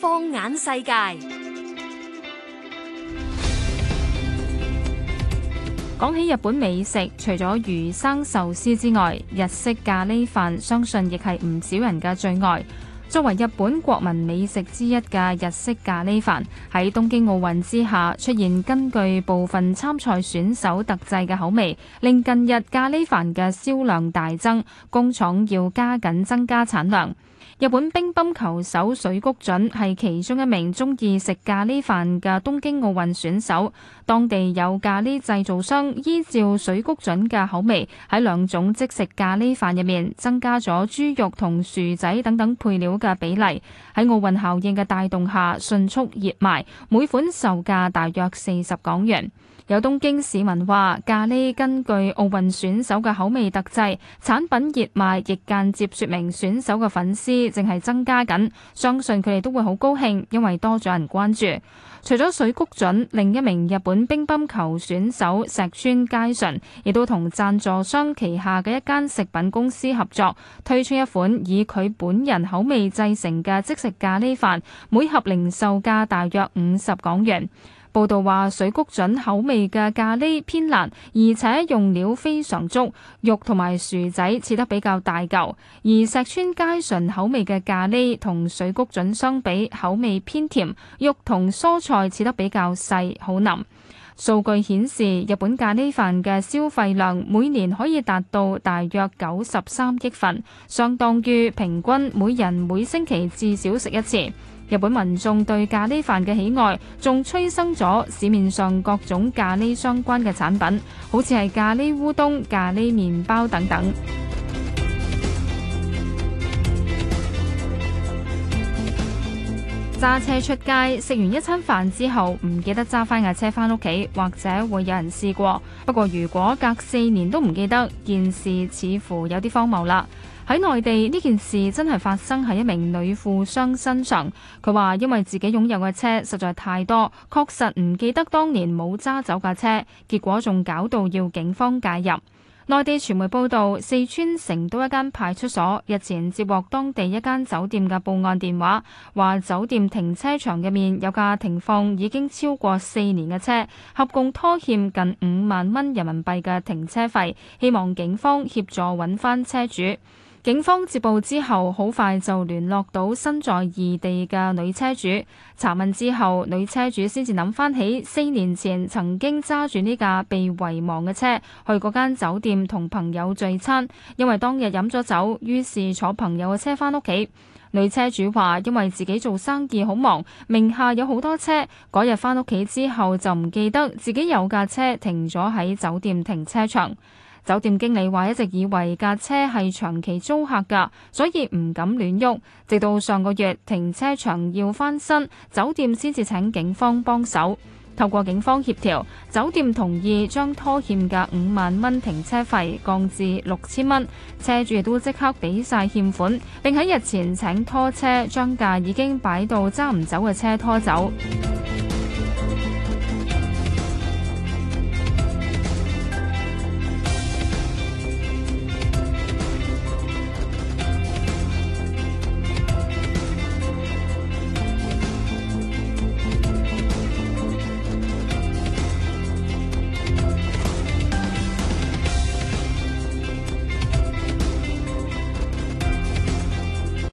放眼世界，講起日本美食，除咗魚生壽司之外，日式咖喱飯相信亦係唔少人嘅最愛。作為日本國民美食之一嘅日式咖喱飯，喺東京奧運之下出現，根據部分參賽選手特製嘅口味，令近日咖喱飯嘅銷量大增，工廠要加緊增加產量。日本乒乓球手水谷隼係其中一名中意食咖喱飯嘅東京奧運選手，當地有咖喱製造商依照水谷隼嘅口味，喺兩種即食咖喱飯入面增加咗豬肉同薯仔等等配料嘅比例。喺奧運效應嘅帶動下，迅速熱賣，每款售價大約四十港元。有東京市民話咖喱根據奧運選手嘅口味特製，產品熱賣，亦間接說明選手嘅粉絲，淨係增加緊，相信佢哋都會好高興，因為多咗人關注。除咗水谷隼，另一名日本乒乓球選手石川佳純，亦都同贊助商旗下嘅一間食品公司合作，推出一款以佢本人口味製成嘅即食咖喱飯，每盒零售價大約五十港元。報道話，水谷準口味嘅咖喱偏辣，而且用料非常足，肉同埋薯仔切得比較大嚿；而石川佳純口味嘅咖喱同水谷準相比，口味偏甜，肉同蔬菜切得比較細，好腍。數據顯示，日本咖喱飯嘅消費量每年可以達到大約九十三億份，相當於平均每人每星期至少食一次。日本民眾對咖喱飯嘅喜愛，仲催生咗市面上各種咖喱相關嘅產品，好似係咖喱烏冬、咖喱麵包等等。揸車出街，食完一餐飯之後唔記得揸翻架車翻屋企，或者會有人試過。不過如果隔四年都唔記得，件事似乎有啲荒謬啦。喺內地呢件事真係發生喺一名女富商身上。佢話因為自己擁有嘅車實在太多，確實唔記得當年冇揸走架車，結果仲搞到要警方介入。內地傳媒報導，四川成都一間派出所日前接獲當地一間酒店嘅報案電話，話酒店停車場入面有架停放已經超過四年嘅車，合共拖欠近五萬蚊人民幣嘅停車費，希望警方協助揾翻車主。警方接報之後，好快就聯絡到身在異地嘅女車主。查問之後，女車主先至諗翻起四年前曾經揸住呢架被遺忘嘅車去嗰間酒店同朋友聚餐。因為當日飲咗酒，於是坐朋友嘅車翻屋企。女車主話：因為自己做生意好忙，名下有好多車，嗰日翻屋企之後就唔記得自己有架車停咗喺酒店停車場。酒店經理話：一直以為架車係長期租客㗎，所以唔敢亂喐。直到上個月停車場要翻新，酒店先至請警方幫手。透過警方協調，酒店同意將拖欠嘅五萬蚊停車費降至六千蚊，車主亦都即刻俾晒欠款。並喺日前請拖車將架已經擺到揸唔走嘅車拖走。